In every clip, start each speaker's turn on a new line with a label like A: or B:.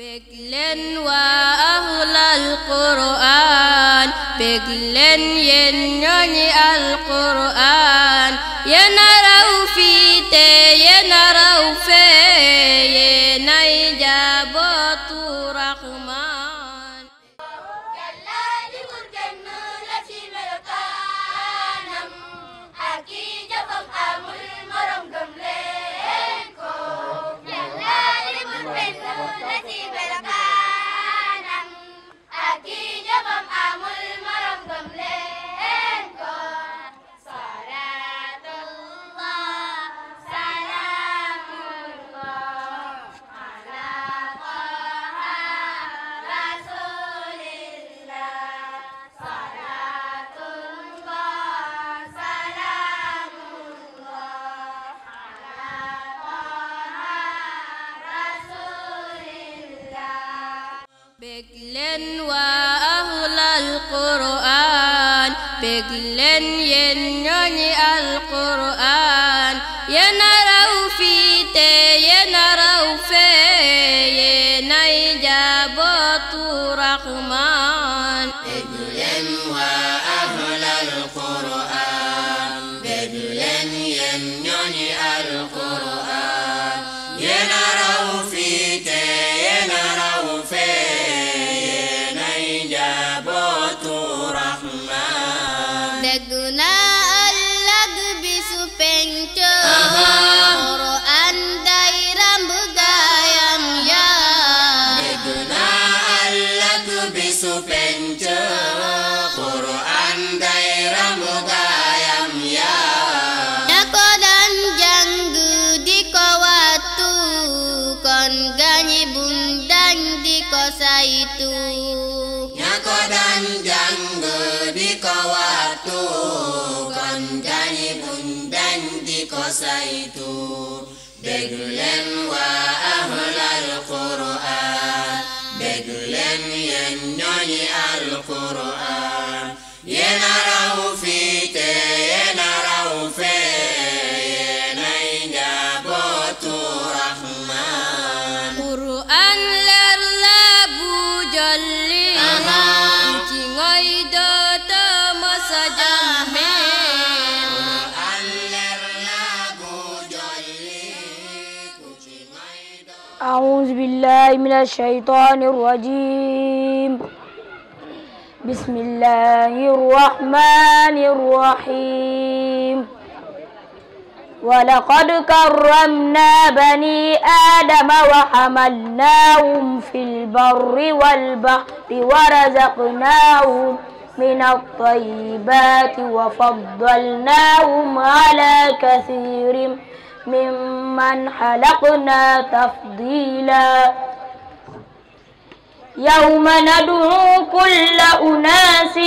A: بجلن وأهل القرآن بجلن ين leen waa saytu déglu leen waa ahlal quraan déglu leen yéen ñooñi al quraan
B: بالله من الشيطان الرجيم بسم الله الرحمن الرحيم ولقد كرمنا بني آدم وحملناهم في البر والبحر ورزقناهم من الطيبات وفضلناهم على كثير ممن خلقنا تفضيلا يوم ندعو كل أناس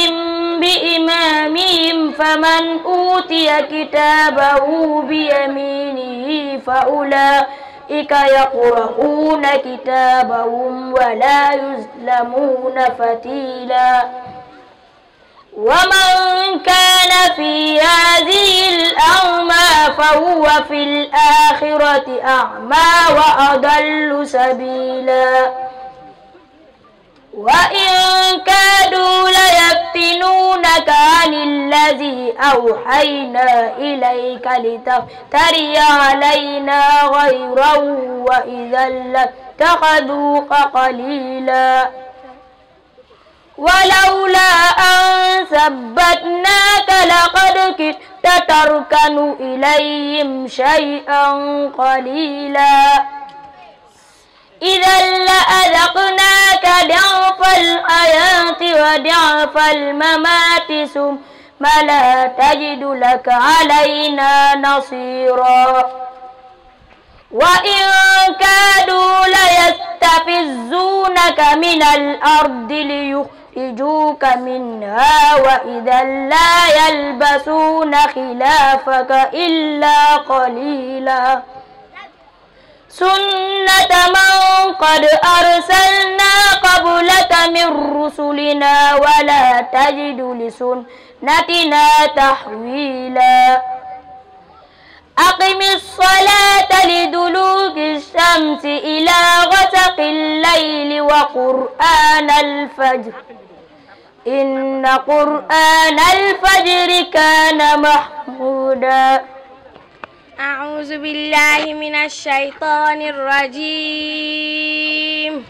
B: بإمامهم فمن أوتي كتابه بيمينه فأولئك يقرؤون كتابهم ولا يظلمون فتيلا ومن كان في هذه الأعمى فهو في الآخرة أعمى وأضل سبيلا وإن كادوا ليفتنونك عن الذي أوحينا إليك لتفتري علينا غيرا وإذا لاتخذوك قليلا ولولا أن ثبتناك لقد كدت تركن إليهم شيئا قليلا إذا لأذقناك ضعف الحياة وضعف الممات ثم لا تجد لك علينا نصيرا وإن كادوا ليستفزونك من الأرض ليخرجوك منها وإذا لا يلبسون خلافك إلا قليلاً سنة من قد أرسلنا قبلك من رسلنا ولا تجد لسنتنا تحويلا أقم الصلاة لدلوك الشمس إلى غسق الليل وقرآن الفجر إن قرآن الفجر كان محمودا
C: أعوذ بالله من الشيطان الرجيم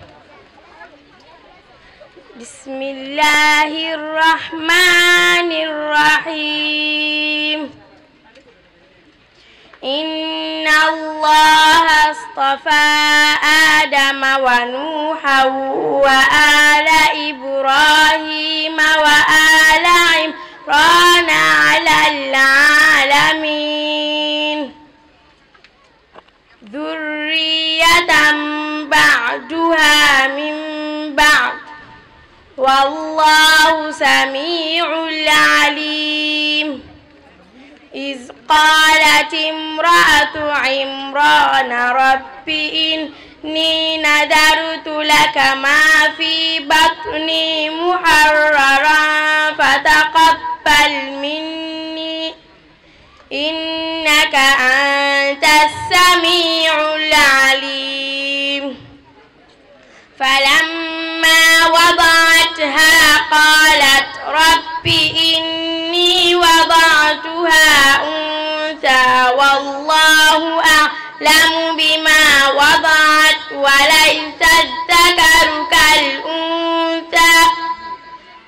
C: بسم الله الرحمن الرحيم إن الله اصطفى آدم ونوحا وآل إبراهيم وآل عمران على العالمين بعدها من بعد والله سميع عليم إذ قالت امرأة عمران رب إني نذرت لك ما في بطني محررا فتقبل مني إنك أنت السميع العليم فلما وضعتها قالت رب إني وضعتها أنثى والله أعلم بما وضعت وليس الذكر كالأنثى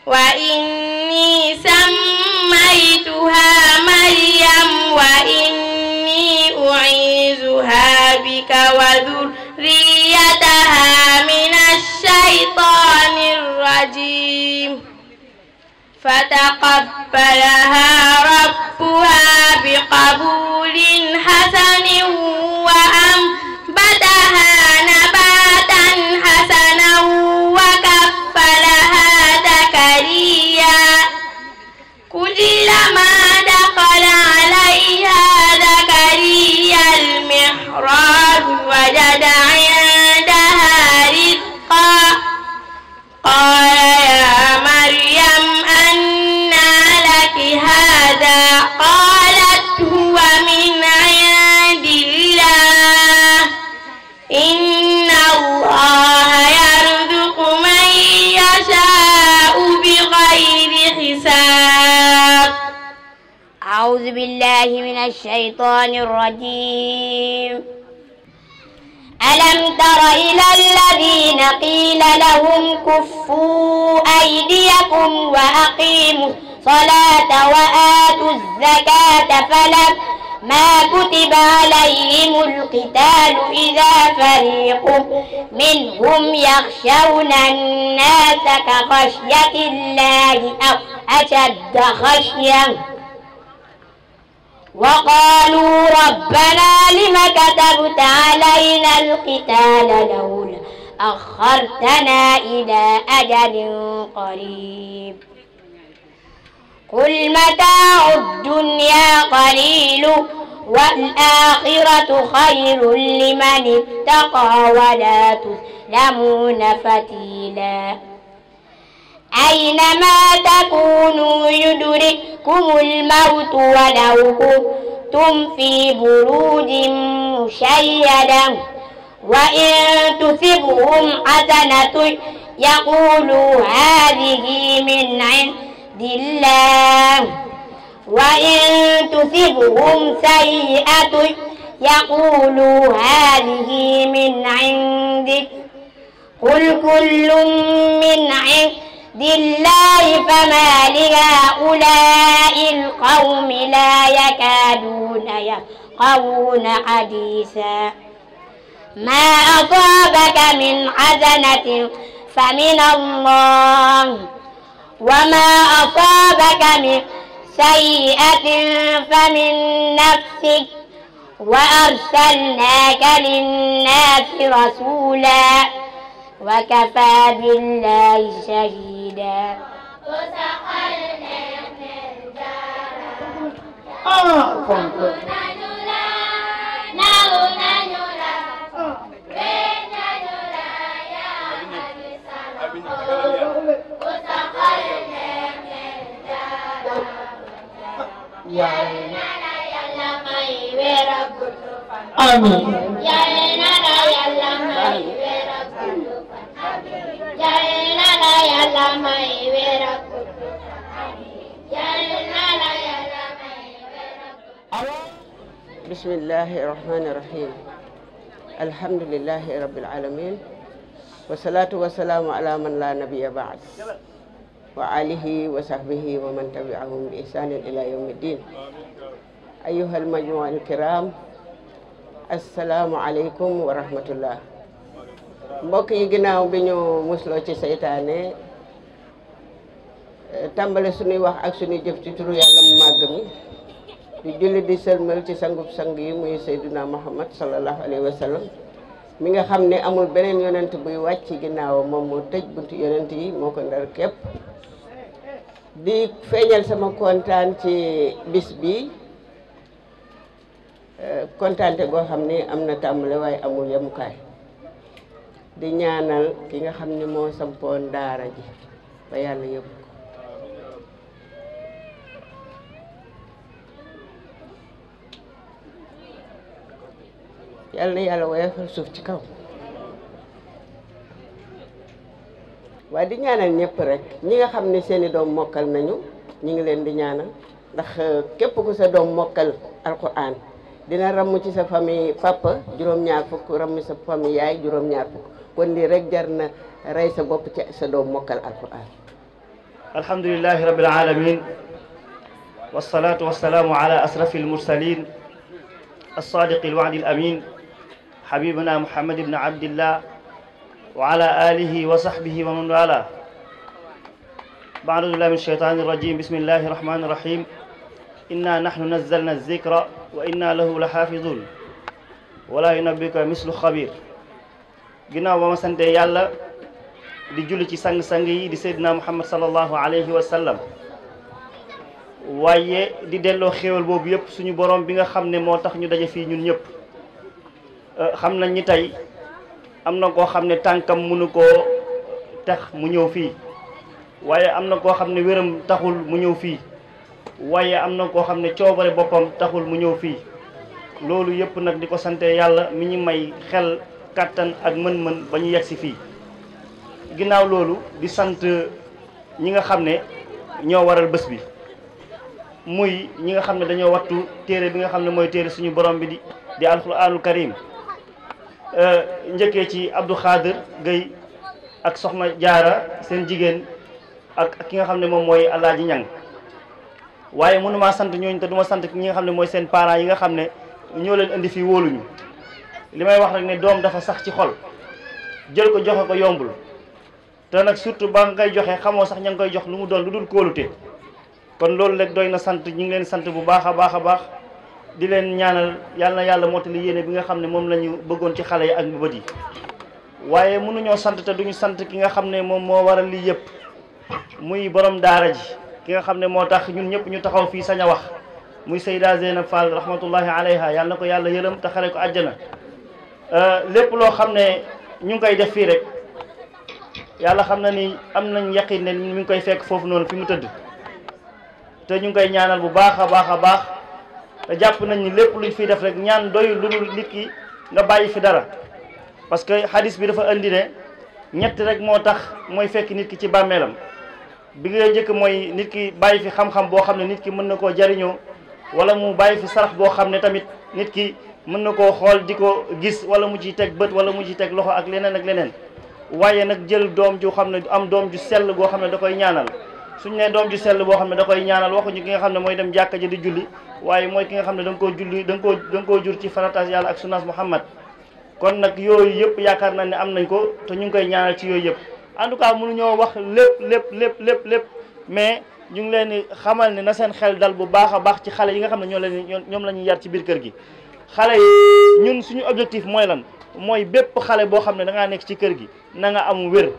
C: وإني سميتها مريم وإني أعيذها بك وذريتها من الشيطان الرجيم فتقبلها ربها بقبول حسن و الأعراب وجد عندها رزقا قال يا مريم أنى لك هذا قالت هو من عند الله إن الله
D: يرزق من يشاء بغير حساب أعوذ بالله من الشيطان الرجيم ألم تر إلى الذين قيل لهم كفوا أيديكم وأقيموا الصلاة وآتوا الزكاة فلم ما كتب عليهم القتال إذا فريق منهم يخشون الناس كخشية الله أو أشد خشية وقالوا ربنا لم كتبت علينا القتال لولا أخرتنا إلى أجل قريب قل متاع الدنيا قليل والآخرة خير لمن اتقى ولا تظلمون فتيلاً أينما تكونوا يدرككم الموت ولو كنتم في بروج مشيدة وإن تصبهم حسنة يقولوا هذه من عند الله وإن تصبهم سيئة يقولوا هذه من عندك قل كل من عند الله فما لهؤلاء القوم لا يكادون يفقهون حديثا ما أصابك من حسنة فمن الله وما أصابك من سيئة فمن نفسك وأرسلناك للناس رسولا وكفى بالله شهيدا الوداد
C: وسقينا من
D: الجرى آه فانتظر
C: Amin. Yeah.
E: بسم الله الرحمن الرحيم الحمد لله رب العالمين والصلاة والسلام على من لا نبي بعد وآله وصحبه ومن تبعهم بإحسان إلى يوم الدين أيها المجموعة الكرام السلام عليكم ورحمة الله mbokk yi ginnaaw bi ñu musloo ci seytaane eh, tàmbale suñuy wax ak suñuy jëf ci turu yàlla mu màgg mi di julli di sëlmal ci sangup sang yi muy ya Seydina Muhammad sallallahu Alaihi Wasallam. mi nga xamne amul beren yonent buy wacc ginaaw mom mo tejj buntu yonent yi moko ndar kep di feñal sama kontan ci bis bi eh, kontante go xamne amna tambale way amul yamukay di ñaanal ki nga xamne mo moo sampoon ji ba yalla يلا يلا ويفر سوفتكو وادي نانا نيب رك نيغا خامني سيني دوم موكال نانيو نيغي لين دي نانا داخ كيب كو سا دوم موكال القران دينا رام سي سا فامي بابا جوروم نيار فوك رام سا فامي ياي جوروم نيار فوك كون لي رك جارنا
F: راي سا بوب سي سا دوم موكال القران الحمد لله رب العالمين والصلاه والسلام على اشرف المرسلين الصادق الوعد الامين حبيبنا محمد بن عبد الله وعلى آله وصحبه ومن والاه بعد الله من الشيطان الرجيم بسم الله الرحمن الرحيم إنا نحن نزلنا الذكر وإنا له لحافظون ولا ينبئك مثل خبير ginnaaw ba ma sante yàlla di julli ci sang-sang yi di seydina muhammad sallallahu alayhi wa sallam waaye di delloo xéewal boobu yëpp suñu borom bi nga xam ne moo tax ñu daje fii ñun ñëpp Euh, xam nañ ni tey am na koo xam ne tànkam mënu koo tax mu ñëw fii waaye am na koo xam ne wéram taxul mu ñëw fii waaye am na koo xam ne coobare boppam taxul mu ñëw fii loolu yëpp nag di ko sante yàlla mi ñu may xel kàttan ak mën-mën ba ñu yegg si fii ginnaaw loolu di sant ñi nga xam ne ñoo waral bés bi muy ñi nga xam ne dañoo wattu téere bi nga xam ne mooy téere suñu borom bi di di alxuraanul karim Euh, njëkkee ci abdu Khadir Gueye ak soxna jaara seen jigéen ak ki nga xam ne moom mooy Alaaji ñan waaye mënumaa sant ñooñu te duma sant ñi nga xam ne mooy seen parent yi nga xam ne ñoo leen indi fii wóoluñu li may wax rek ne doom dafa sax ci xol jël ko joxe ko yombul te nag surtout ba nga koy joxe xamoo sax ña ngi koy jox lu mu doon lu dul kóolute kon loolu rek doy na sant ñu ngi leen sant bu baax a baax a baax di leen ñaanal yàlla na yàlla mottali yéene bi nga xam ne moom la ñu bëggoon ci xale yi ak mbëbët yi waaye mënuñoo sant te duñu sant ki nga xam ne moom moo waral lii yëpp muy borom daara ji ki nga xam ne moo tax ñun ñëpp ñu taxaw fii sañ wax muy Seyda Zeynab Fall rahmatullahi alayha yàlla na ko yàlla yërëm te xale ko àjjana euh, lépp loo xam ne ñu ngi koy def fii rek yàlla xam na ni am nañ yaqin ne mi ngi koy fekk foofu noonu fi mu tëdd te ñu ngi te jàpp nañ ni lépp ñu fiy def rek ñaan doyu lu dul nit ki nga bàyyi fi dara parce que hadis bi dafa andi ne ñett rek moo tax mooy fekk nit ki ci bàmmeelam bi nga njëkk mooy nit ki bàyyi fi xam-xam boo xam ne nit ki mën na koo jariñoo wala mu bàyyi fi sarax boo xam ne tamit nit ki mën na koo xool di ko gis wala mu ciy teg bët wala mu ciy teg loxo ak leneen ak leneen waaye nag jël doom ju xam ne am doom ju sell goo xam ne da koy ñaanal suñ né doom ju sel bo xamné da koy ñaanal waxu ñi nga xamné moy dem jàkka ji di julli waye moy ki nga xamné dang ko julli dang ko dang ko jur ci faratas yalla ak sunnaas muhammad kon nak yoy yep yaakar nañ ni am nañ ko te ñu koy ñaanal ci yoy yep en tout cas ñoo wax lepp lepp lepp lepp lepp mais ñu ngi leen xamal ni na seen xel dal bu baaxa baax ci xalé yi nga xamné ñoo leen ñom lañu yar ci biir kër gi xalé yi ñun suñu objectif moy lan moy bép xalé bo xamné da nga nekk ci kër gi na nga am wër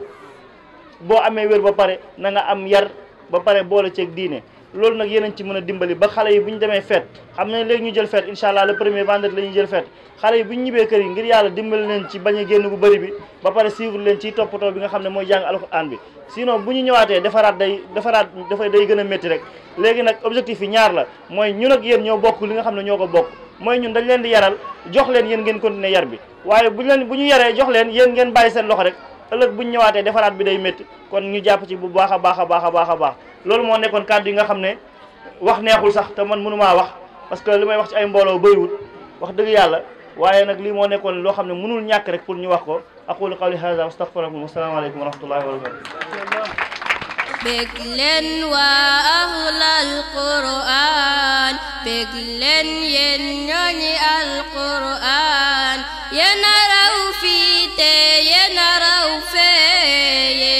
F: bo amé wër ba paré na nga am yar ba pare boole ceeg diine loolu nag yéen ci mën a dimbali ba xale yi bu ñu demee fête xam ne léegi ñu jël fête incha la le premier vendredi la ñuy jël fête xale yi bu ñu ñibbee kër yi ngir yàlla dimbali leen ci bañ génn bu bëri bi ba pare suivre leen ci toppatoo bi nga xam ne mooy jàng alxuraan bi sinon bu ñu ñëwaatee defaraat day defaraat dafay day gën a rek léegi nag objectif yi ñaar la mooy ñun ak yéen ñoo bokk li nga xam ne ñoo ko bokk mooy ñun dañ leen di yaral jox leen yéen ngeen continuer yar bi waaye buñ leen ñu yaree jox leen yéen ngeen bàyyi seen loxo rek ëlëk buñ ñëwaaté défarat bi day metti kon ñu japp ci bu baaxa baaxa baaxa baaxa baax loolu mo nekkon kaddu yi nga xamné wax neexul sax té man mënuma wax parce que limay wax ci ay mbolo beuyul wax dëgg yalla waaye nak li mo nekkon lo xamné mënul ñak rek pour ñu wax ko aqulu qawli hadha wa astaghfirukum alaykum wa rahmatullahi wa barakatuh
A: Beglen wa ahlal Qur'an Beglen yen nyonyi al Qur'an Yen araw fi te yenarau fe